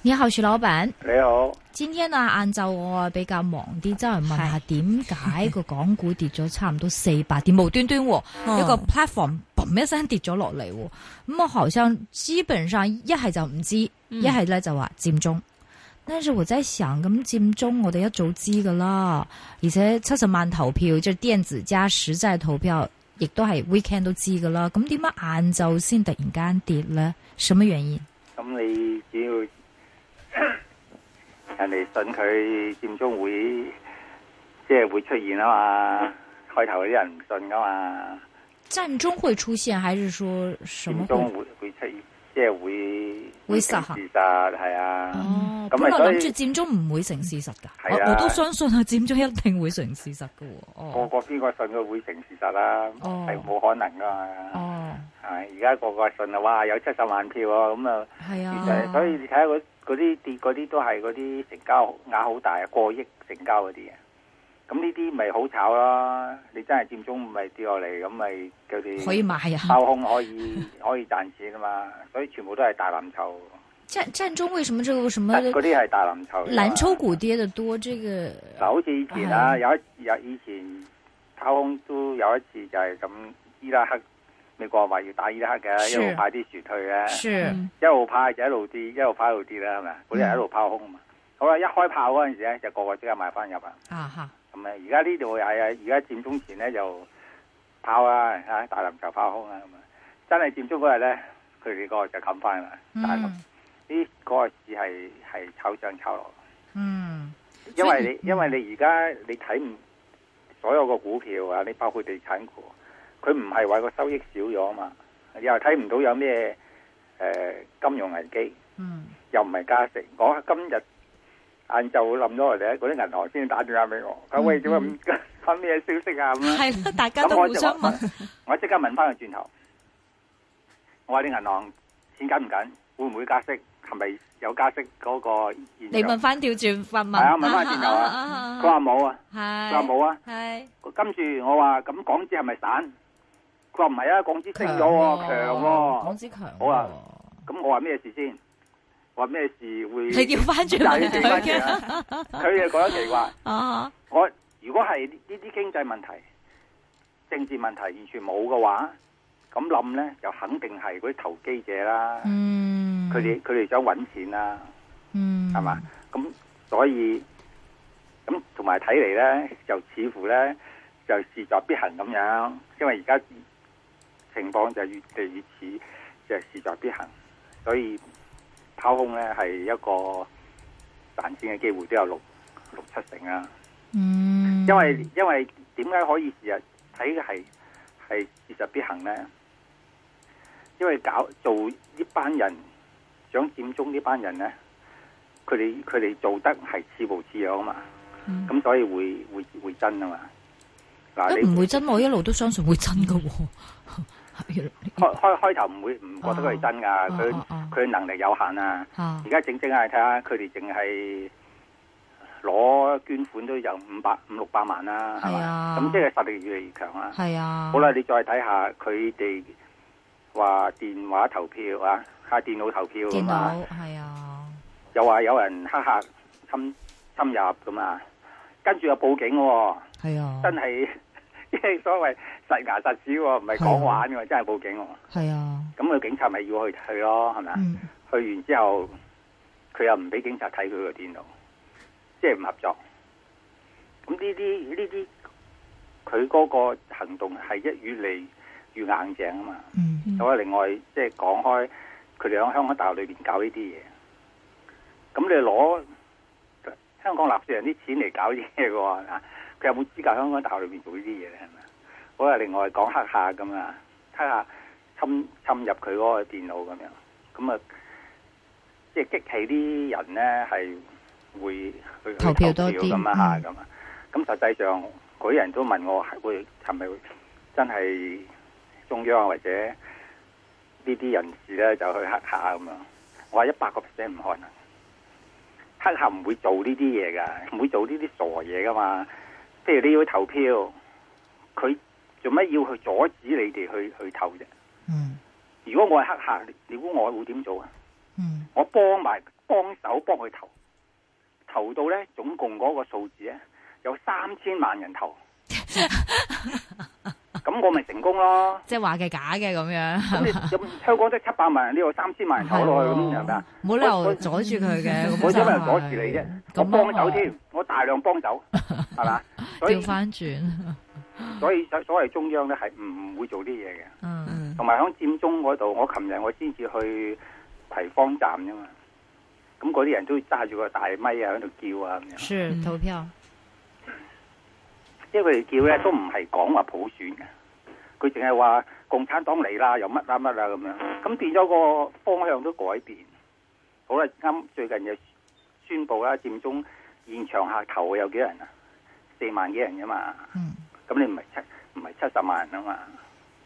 你好，徐老闆。你好。今天啊，晏晝我啊比較忙啲，周、就、係、是、問，問一下點解個港股跌咗差唔多四百點，是 無端端一個 platform 嘣一聲跌咗落嚟。咁、嗯、我學生基本上一係就唔知道，一係咧就話佔中。但是我在想，咁佔中我哋一早知噶啦，而且七十萬投票，即、就、係、是、電子加實際投票，亦都係 weekend 都知噶啦。咁點解晏晝先突然間跌咧？什麼原因？咁你？人哋信佢佔中會，即、就、係、是、會出現啊嘛，開頭啲人唔信噶嘛。佔中會出現，還是說什麼會？佔中會會出現。即係會會實事實係啊。哦，咁我諗住佔中唔會成事實噶。係、嗯、我都相信啊，佔中一定會成事實噶。哦、個個邊個信佢會成事實啦、啊，係冇、哦、可能噶嘛、啊。哦，係而家個個信啊！哇，有七十萬票啊！咁啊，係啊的。其實，所以你睇下嗰啲跌嗰啲都係嗰啲成交額好大，過億成交嗰啲啊。咁呢啲咪好炒咯？你真係佔中唔係跌落嚟，咁咪佢哋可以買啊，拋空可以可以賺錢啊嘛！以嘛啊 所以全部都係大藍籌。佔中為什麼這個什麼？嗰啲係大藍籌藍籌。藍籌股跌得多，呢、這個。嗱，好似以前啊，哎、有一次有以前拋空都有一次就係咁伊拉克美國話要打伊拉克嘅，是一路派啲錢退嘅，是嗯、一路派就一路跌，一路派一路跌啦，係咪？嗰啲一路拋空啊嘛！嗯、好啦，一開炮嗰陣時咧，就個個即刻買翻入啊！啊哈～而家呢度係啊！而家佔中前咧就炮啊，啊大籃球炮空啊咁啊！真係佔中嗰日咧，佢哋、嗯、個就冚翻啦。但係呢個只係係炒上炒落。嗯，因為你、嗯、因為你而家你睇唔所有個股票啊，你包括地產股，佢唔係話個收益少咗啊嘛，又睇唔到有咩誒、呃、金融危機。嗯，又唔係加息。我今日。晏晝冧咗我哋喺嗰啲銀行先打電話俾我，咁喂，點解唔發咩消息啊咁？係咯，大家都互相問。我即刻問翻個轉頭，我話啲銀行錢緊唔緊？會唔會加息？係咪有加息嗰個？你問翻調轉發問。係啊，問翻轉頭啊，佢話冇啊，佢話冇啊。係。跟住我話咁港紙係咪散？佢話唔係啊，港紙升咗，強喎。港紙強。好啊，咁我話咩事先？話咩事會？你叫翻轉咪？佢哋覺得奇怪。哦。 我如果係呢啲經濟問題、政治問題完全冇嘅話，咁諗咧，就肯定係嗰啲投機者啦。嗯。佢哋佢哋想搵錢啦、啊。嗯。係嘛？咁所以咁同埋睇嚟咧，就似乎咧就事在必行咁樣。因爲而家情況就越嚟越似就係，事在必行，所以。拋空咧係一個賺錢嘅機會都有六六七成啊，嗯、因為因為點解可以事實睇嘅係係事實必行咧？因為搞做這這呢班人想佔中呢班人咧，佢哋佢哋做得係似模似樣啊嘛，咁、嗯、所以會會會真啊嘛。嗱、啊，唔會真，你我一路都相信會真噶喎、啊。開開開頭唔會唔覺得佢係真噶，佢佢能力有限啊。而家整整下啊，睇下佢哋淨係攞捐款都有五百五六百萬啦，係嘛？咁即係實力越嚟越強啦。係啊。好啦，你再睇下佢哋話電話投票啊，吓電腦投票嘛。係啊。又話有人黑客侵侵入咁啊，跟住又報警喎。係啊，真係。即係所謂實牙實齒，唔係講玩嘅，啊、真係報警的。係啊，咁個警察，咪要去去咯，係咪啊？嗯、去完之後，佢又唔俾警察睇佢個電腦，即係唔合作。咁呢啲呢啲，佢嗰個行動係一越嚟越硬頸啊嘛。咁、嗯嗯、另外即係講開，佢哋喺香港大學裏邊搞呢啲嘢，咁你攞香港納稅人啲錢嚟搞嘢嘅。佢有冇資格，香港大學裏面做些東西呢啲嘢咧？係咪？我係另外講黑客咁啊，黑客侵侵入佢嗰個電腦咁樣，咁啊，即係激起啲人咧係會去投票咁啊嚇咁啊！咁、嗯、實際上，嗰啲人都問我係會係咪真係中央或者呢啲人士咧就去黑客咁樣？我話一百個 percent 唔可能，黑客唔會做呢啲嘢噶，唔會做呢啲傻嘢噶嘛。即係你要投票，佢做咩要去阻止你哋去去投啫？嗯，如果我係黑客，你估我會點做啊？嗯，我幫埋幫手幫佢投，投到咧總共嗰個數字咧有三千萬人投。 咁我咪成功咯！即係話嘅假嘅咁樣。咁你香港都七百萬人，呢度三千萬人坐落去咁樣噶，冇理由阻住佢嘅。冇理由阻住你啫，我幫手添，我大量幫手，係嘛？調翻轉，所以所所謂中央咧係唔會做啲嘢嘅。同埋喺佔中嗰度，我琴日我先至去葵芳站啫嘛。咁嗰啲人都揸住個大咪啊，喺度叫啊咁樣。是投票。即係佢哋叫咧都唔係講話普選嘅。佢淨係話共產黨嚟啦，又乜啦乜啦咁樣，咁變咗個方向都改變。好啦，啱最近又宣布啦，佔中現場客頭有幾人啊？四萬幾人吖嘛。嗯。咁你唔係七唔係七十萬啊嘛？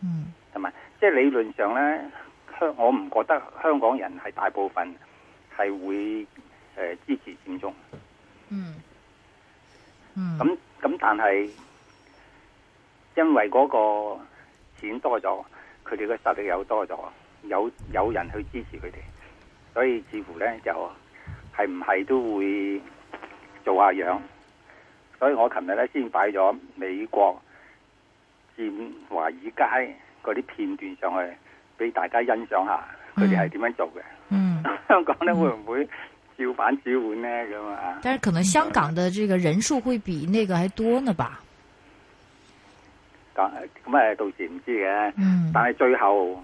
嗯。同埋，係咪，即係理論上咧，香我唔覺得香港人係大部分係會誒支持佔中。嗯。嗯。咁咁，但係因為嗰個。錢多咗，佢哋嘅實力又多咗，有有人去支持佢哋，所以似乎咧就係唔係都會做下樣。所以我琴日咧先擺咗美國占華爾街嗰啲片段上去，俾大家欣賞下佢哋係點樣做嘅。嗯。嗯， 香港咧呢、嗯、會唔會照板煮碗咧咁啊？但是可能香港嘅這個人數會比那個還多呢吧？ 咁誒，到時唔知嘅，嗯、但係最後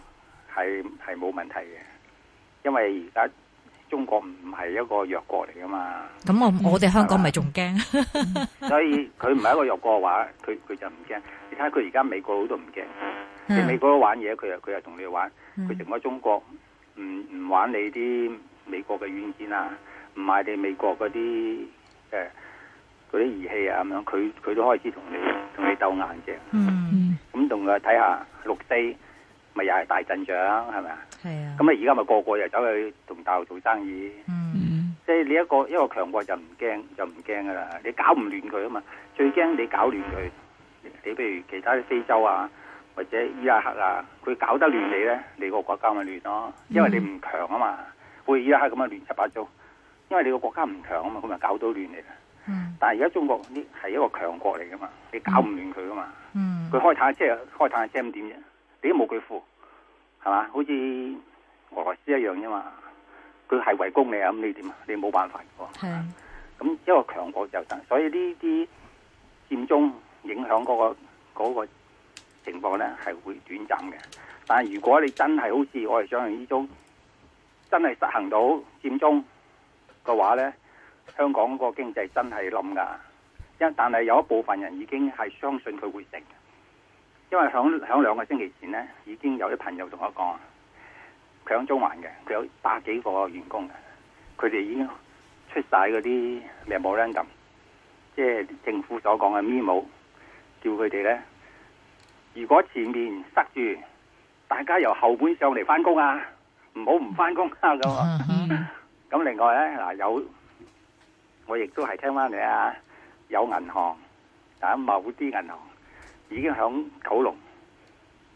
係係冇問題嘅，因為而家中國唔係一個弱國嚟噶嘛。咁、嗯、我我哋香港咪仲驚？所以佢唔係一個弱國嘅話，佢佢就唔驚。你睇下佢而家美國都唔驚，喺美國玩嘢佢又佢又同你玩，佢成個中國唔唔玩你啲美國嘅軟件啊，唔買你美國嗰啲誒。呃嗰啲儀器啊，咁樣佢佢都開始同你同你鬥硬嘅，咁同佢睇下六四咪又係大陣仗，係咪啊？係啊！咁啊而家咪個個又走去同大陸做生意，即係、嗯、你一個一個強國就唔驚就唔驚噶啦，你搞唔亂佢啊嘛？最驚你搞亂佢，是你譬如其他啲非洲啊或者伊拉克啊，佢搞得亂你咧，你個國家咪亂咯，因為你唔強啊嘛，好似、嗯、伊拉克咁樣亂七八糟，因為你個國家唔強啊嘛，佢咪搞到亂嚟。嗯、但係而家中國呢係一個強國嚟噶嘛，你搞唔亂佢噶嘛，佢、嗯嗯、開坦克車、開坦克車咁點啫？你都冇佢富，係嘛？好似俄羅斯一樣啫嘛，佢係圍攻你，你，樣你是啊，咁你點啊？你冇辦法噶。係，咁一個強國就但，所以呢啲佔中影響嗰、嗰個、嗰個情況咧係會短暫嘅。但係如果你真係好似我哋想像之中，真係實行到佔中嘅話咧。香港嗰個經濟真係冧噶，一但係有一部分人已經係相信佢會成。因為響響兩個星期前咧已經有啲朋友同我講，佢響中環嘅，佢有百幾個員工嘅，佢哋已經出晒嗰啲咩冇呢咁，即係政府所講嘅 memo，叫佢哋咧，如果前面塞住，大家由後門上嚟翻工啊，唔好唔翻工啊咁，咁 另外咧嗱有。我亦都係聽翻你有銀啊！有銀行啊，某啲銀行已經響九龍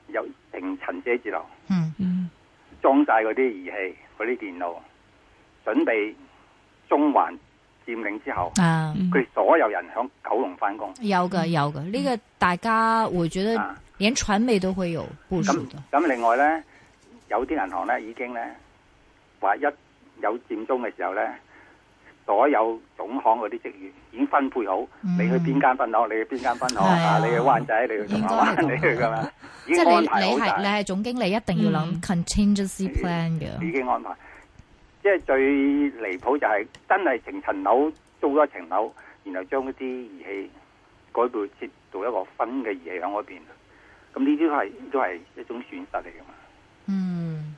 有成層寫字樓，嗯嗯，裝晒嗰啲儀器、嗰啲電腦，準備中環佔領之後，啊，佢、嗯、所有人響九龍翻工。有噶有噶，呢、嗯、個大家我覺得連傳媒都會有部署的。咁咁、啊，另外咧，有啲銀行咧已經咧，話一有佔中嘅時候咧。所有總行嗰啲職員已經分配好，你去邊間分行？你去邊間分行的啊？你去灣仔，你去總行，你去㗎嘛。即係你係你係總經理，一定要諗 contingency plan 嘅、嗯嗯嗯。已經安排。即係最離譜就係、是、真係成層樓，租咗層樓，然後將嗰啲儀器改部設做一個分嘅儀器喺嗰邊。咁呢啲都係都係一種損失嚟嘅、嗯。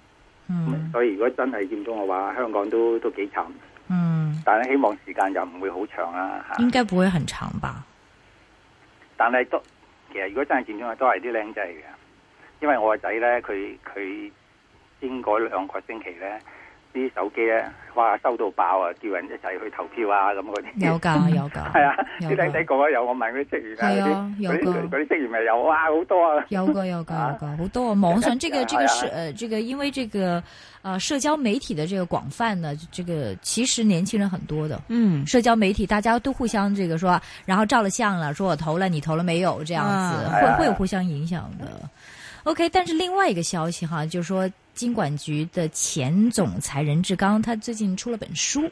嗯嗯。所以如果真係佔中嘅話，香港都都幾慘。嗯。但係希望時間又唔會好長啊！應該不會很長吧？但係都其實如果真係見咗，都係啲靚仔嚟嘅，因為我個仔咧，佢佢先嗰兩個星期咧。啲手機咧，哇收到爆啊！叫人一齊去投票啊，咁嗰啲有㗎有㗎，係啊！你睇睇個話有我問啲職員，係啊有個嗰啲職員咪有啊，好多啊，有個有個有個好多啊！網上這個這個社，這個因為這個啊社交媒體的這個廣泛呢，這個其實年輕人很多的。嗯，社交媒體大家都互相這個說，然後照了相啦，說我投了，你投了沒有？這樣子會會有互相影響的。OK，但是另外一個消息哈，就是說。金管局的前總裁任志剛，他最近出了本書，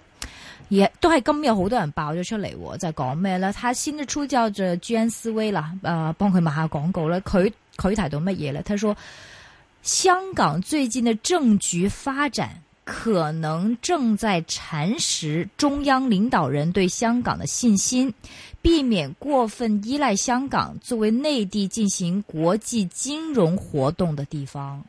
也都係今日好多人爆咗出嚟喎，我在講咩咧？他新係出叫做《居安思危》啦，誒，幫佢賣下廣告啦。佢佢睇到乜嘢咧？他說，香港最近的政局發展可能正在蠶食中央領導人對香港的信心，避免過分依賴香港作為內地進行國際金融活動的地方。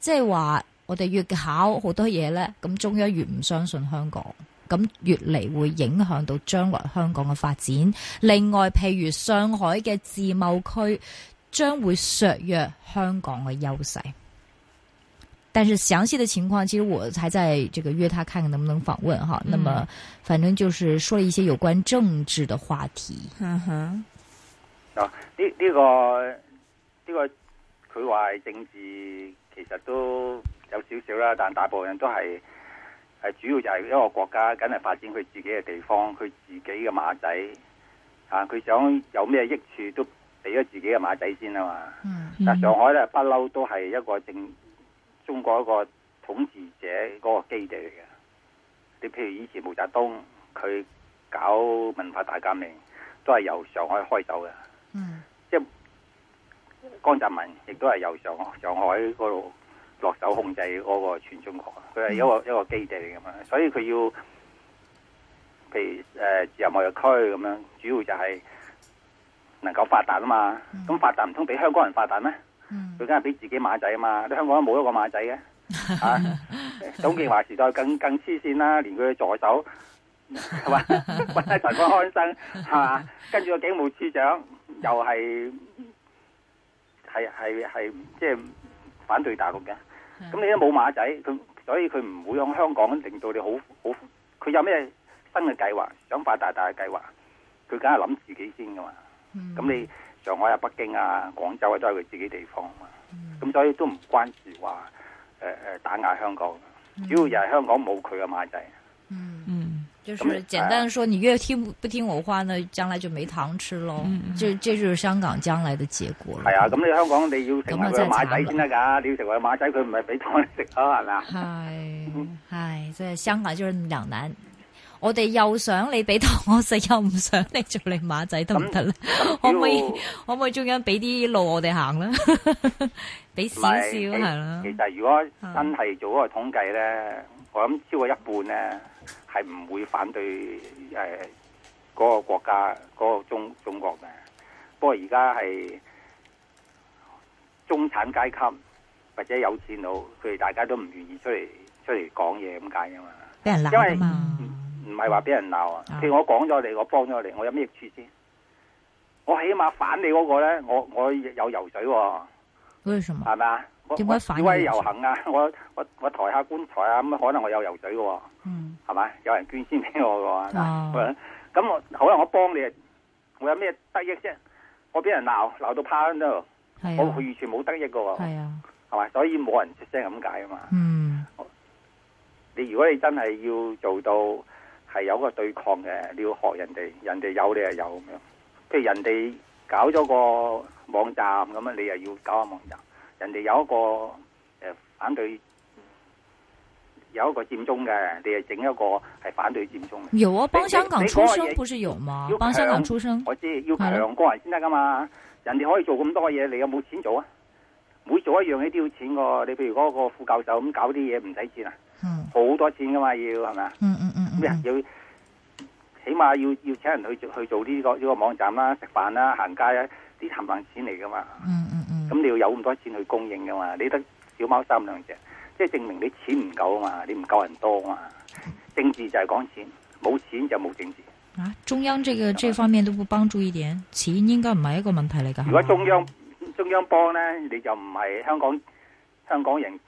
即係話，我哋越考好多嘢呢，咁中央越唔相信香港，咁越嚟會影響到將來香港嘅發展。另外，譬如上海嘅自貿區將會削弱香港嘅優勢。但是詳細的情況，其實我還在這個約他，看看能不能訪問哈。嗯。那麼反正就是說了一些有關政治的話題。嗯，呢個呢個，佢話係政治。其實都有少少啦，但大部分都係係，主要就係一個國家，梗係發展佢自己嘅地方，佢自己嘅馬仔啊，佢想有咩益處都俾咗自己嘅馬仔先啊嘛。嗯、但上海咧不嬲都係一個正中國一個統治者嗰個基地嚟嘅。你譬如以前毛澤東，佢搞文化大革命都係由上海開走嘅，嗯、即係。江澤民亦都係由上海上海度落手控制嗰個全中國，佢係一個、嗯、一個基地嚟噶嘛，所以佢要譬如誒、呃、自由貿易區咁樣，主要就係能夠發達啊嘛。咁、嗯、發達唔通俾香港人發達咩？佢梗係俾自己馬仔啊嘛。啲香港都冇一個馬仔嘅。 啊，董建華時代更更黐線啦，連佢嘅助手係嘛，陳方安生係嘛， 跟住個警務處長又係。係係係，即係、就是、反對大陸嘅。咁的你都冇馬仔，佢所以佢唔會向香港令到你好好。佢有咩新嘅計劃，想發大大嘅計劃，佢梗係諗自己先㗎嘛。咁、嗯、你上海啊、北京啊、廣州啊，都係佢自己地方啊嘛。咁、嗯、所以都唔關事話誒誒打壓香港，主要又係香港冇佢嘅馬仔。嗯。嗯。就是簡單說，你越聽不聽我話，呢將來就沒糖吃咯。就這就是香港將來的結果。係啊，咁你香港你要成為馬仔先得噶，你要成為馬仔，佢唔係俾糖你食咯，係咪？係係，即係香港就兩難。我哋又想你俾糖我食，又唔想你做你馬仔，得唔得咧？可唔可以可唔可以中間俾啲路我哋行啦？俾少少係啦。其實如果真係做嗰個統計咧，我諗超過一半咧。係唔會反對誒嗰、呃那個國家嗰、那個中中國嘅，不過而家係中產階級或者有錢佬，佢哋大家都唔願意出嚟出嚟講嘢咁解啊嘛，俾人鬧啊嘛，因為唔係話俾人鬧啊，譬如我講咗你，我幫咗你，我有咩處先？我起碼反你嗰個咧，我我有油水喎，為什麼？係咪啊？點解示威遊行啊！我我我抬下棺材啊！咁可能我有油水嘅，係咪、嗯？有人捐錢俾我嘅，咁我可能我幫你，我有咩得益啫？我俾人鬧鬧到趴喺度，啊、我完全冇得益嘅、哦，係咪、啊？所以冇人出聲咁解啊嘛。嗯、你如果你真係要做到係有個對抗嘅，你要學人哋，人哋有你又有，即係人哋搞咗個網站咁啊，你又要搞下網站。人哋有一個誒、呃、反對，有一個佔中嘅，你又整一個係反對佔中的。嘅。有啊，幫香港出聲，不是有嘛？要幫香港出聲，我知要強過人先得噶嘛。的人哋可以做咁多嘢，你又冇錢做啊？每做一樣嘢都要錢㗎，你譬如嗰個副教授咁搞啲嘢唔使錢啊？好、嗯、多錢噶嘛，要係咪？要嗯，嗯嗯嗯，咩要？起碼要要請人去去做呢、這個呢、這個網站啦、啊、食飯啦、行街啊，啲冚唪唥錢嚟噶嘛？嗯咁、嗯、你要有咁多錢去供應㗎嘛？你得小貓三兩隻，即係證明你錢唔夠啊嘛，你唔夠人多啊嘛。政治就係講錢，冇錢就冇政治。啊，中央這個吧這方面都不幫助一點，錢應該唔係一個問題嚟㗎。如果中央吧中央幫呢，你就唔係香港香港人。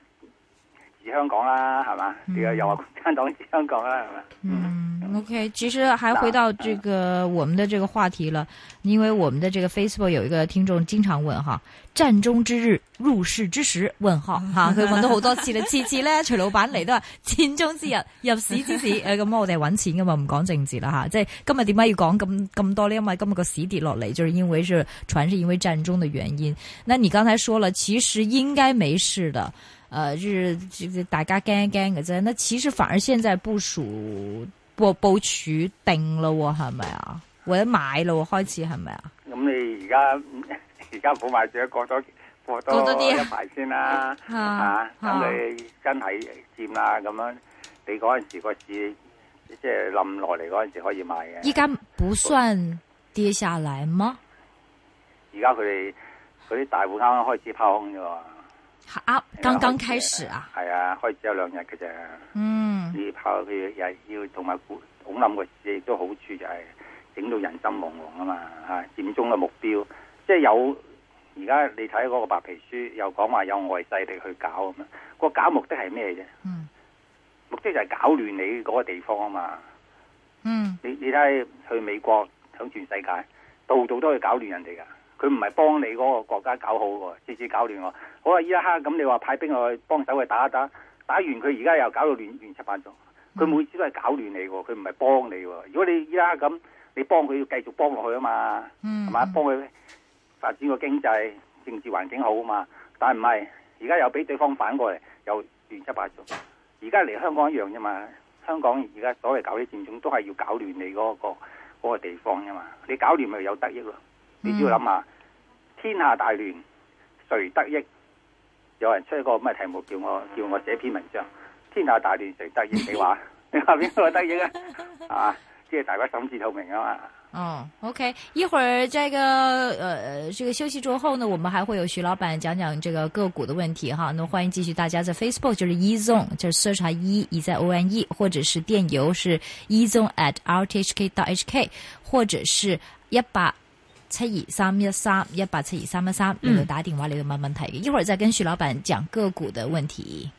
香港啦，係嘛？又話共產黨香港啦，係嘛？嗯,嗯，OK，其實還回到這個那我們的這個話題了，因為我們的這個 Facebook 有一個聽眾經常問哈，佔中之日入市之時？問號哈，佢問咗好多次啦，次次呢，徐老闆嚟都係佔中之日入市之時，咁我哋係搵錢噶嘛，唔講政治啦吓，即係今日點解要講咁咁多呢？因為今日個市跌落嚟，就是、因尾會傳是因為佔中的原因。那你剛才說了，其實應該沒事的。誒，呃就是就是，大家驚驚嘅啫。那其實反而現在部署，部部署定咯，哦，係咪啊？或者買咯，開始係咪啊？咁，嗯、你而家而家唔好買住，過多過多一排先啦。吓，咁你真係尖啦，咁樣，啊啊、你嗰陣時個市即係冧落嚟嗰陣時可以買嘅。而家唔算跌下嚟嗎？而家佢哋嗰啲大戶啱啱開始拋空啫嘛。啊，剛剛開始啊，係啊，開始有兩日嘅啫。嗯，你跑去又要同埋恐諗嘅事，亦都好處就係整到人心惶惶啊嘛，吓、啊，佔中嘅目標，即係有而家你睇嗰個白皮書又講話有外勢力去搞咁啊，個搞目的係咩啫？嗯，目的就係搞亂你嗰個地方啊嘛。嗯，你你睇去美國，響全世界，度度都係搞亂人哋噶。佢唔係幫你嗰個國家搞好喎，次次搞亂我。好啊，依家刻咁，你話派兵去幫手去打一打，打完佢而家又搞到亂亂七八糟。佢每次都係搞亂你喎，佢唔係幫你喎。如果你依家咁，你幫佢要繼續幫落去啊嘛，係嘛、嗯？幫佢發展個經濟，政治環境好啊嘛。但係唔係，而家又俾對方反過嚟，又亂七八糟。而家嚟香港一樣啫嘛。香港而家所謂搞啲戰爭都係要搞亂你嗰個嗰個地方啫嘛。你搞亂咪有得益咯。你只要諗下。嗯天下大亂，誰得益？有人出一個咩嘅題目叫我叫我寫篇文章。天下大亂，誰得益？你話 你話邊個得益啊？啊，即係大家心知肚明啊嘛。嗯 OK 一會兒這個，誒、呃，這個休息之後呢，我們還會有徐老闆講講這個個股的問題哈。那歡迎繼續大家在 Facebook，就是 Ezone，就 search 下 E 一在 ONE，或者是電郵是 Ezone at rthk.hk，或者是一八七二三一三一八七二三一三，你要打電話你要問問題，越越慢慢嗯、一會兒再跟徐老闆講個股的問題。